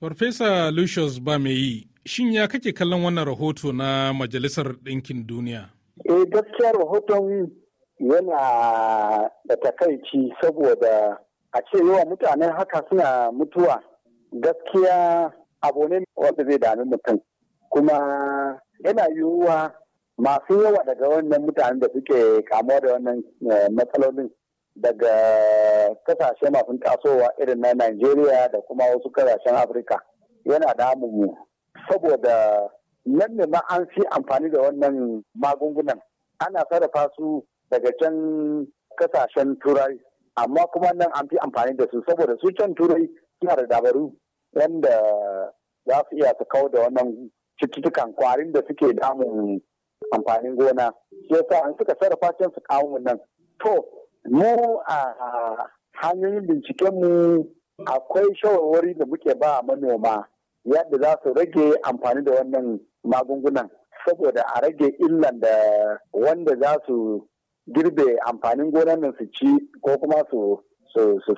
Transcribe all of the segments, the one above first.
Farfesa Lucius yi, shin ya kake kallon wannan rahoto na Majalisar Ɗinkin Duniya? Eh gaskiya rahoton yana da takaici saboda a ce yawa mutanen haka suna mutuwa gaskiya abu ne wanda zai dami mutum kuma yana yiwuwa masu yawa daga wannan mutanen da suke kamuwa da wannan eh, matsalolin daga kasashe masu tasowa irin na Najeriya da kuma wasu kasashen Afirka yana damu mu saboda nan ne ma an fi amfani da wannan magungunan ana sarrafa su daga can kasashen turai amma kuma nan an fi amfani da su saboda su can turai suna da dabaru wanda za su iya su kawo da wannan cututtukan kwarin da suke damun amfanin gona shi yasa an suka sarrafa can su kawo nan to mu a hanyoyin binciken mu akwai shawarwari da muke ba manoma yadda za su rage amfani da wannan magungunan saboda a rage illan da wanda za su girbe amfanin gonan nan su ci ko kuma su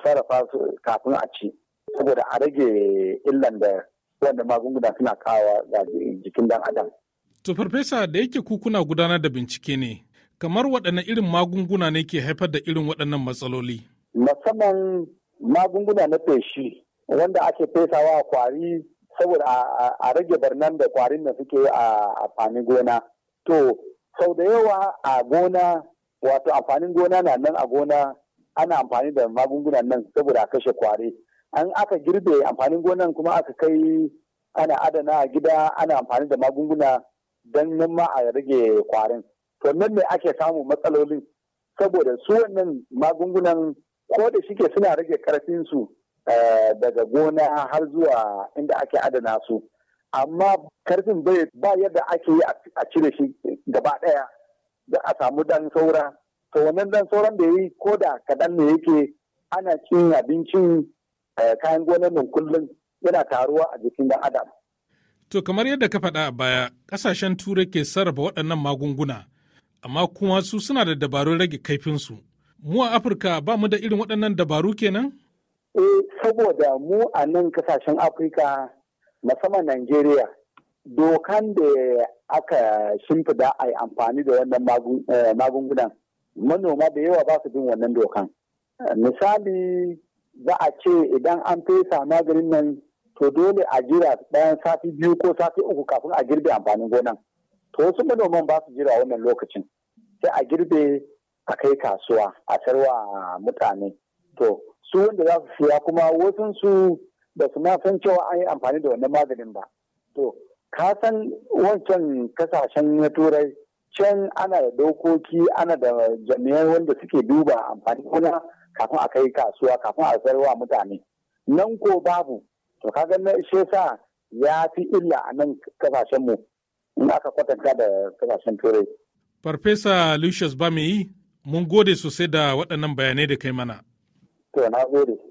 sarrafa su kafin a ci saboda a rage illan da wanda magunguna suna kawo ga jikin dan adam. To farfesa da yake ku kuna gudanar da bincike ne Kamar waɗanne irin magunguna ne ke haifar da irin waɗannan matsaloli? Musamman magunguna na feshi wanda ake fesawa a kwari saboda a rage barnan da kwarin da suke a amfanin gona. To, sau da yawa a gona, wato amfanin gona na nan a gona ana amfani da magunguna nan saboda a kashe kwari. An aka girbe amfanin gonan kuma aka kai ana adana a gida ana amfani da magunguna don nan ma a rage kwarin. to nan ne ake samu matsaloli saboda su wannan magungunan ko da shike suna rage karfin su eh, daga gona har zuwa inda ake adana su amma karfin bai ba yadda ake yi a cire shi gaba daya da a samu dan saura to wannan dan sauran da yi ko da kaɗan ne yake ana cin abincin eh, kayan gonar nan kullum yana taruwa a jikin dan adam to kamar yadda ka faɗa a baya ƙasashen turai ke sarrafa waɗannan magunguna amma kuma su suna da dabarun rage kaifinsu. Mu a Afirka ba mu da irin waɗannan dabaru kenan? Eh, saboda mu a nan kasashen Afirka musamman Najeriya, dokan da aka shimfida a yi amfani da wannan eh, magungunan manoma da yawa ba su bin wannan dokan. Misali za a ce idan an fesa maganin nan to dole a jira bayan sati biyu ko sati uku kafin a girbe amfanin gonan. to wasu manoman ba su jira wannan lokacin sai a girbe a kai kasuwa a sarwa mutane to su wanda za su siya kuma wasu su ba su ma san cewa an yi amfani da wannan maganin ba to ka san wancan kasashen na turai can ana da dokoki ana da jami'ai wanda suke duba amfani kuna kafin a kai kasuwa kafin a sarwa mutane nan ko babu to kaga na shi sa ya fi illa a nan kasashen mu in aka kwatanta da kasashen turai. Farfesa Lucius Bameyi, mun gode sosai da waɗannan bayanai da kai mana. To, na gode.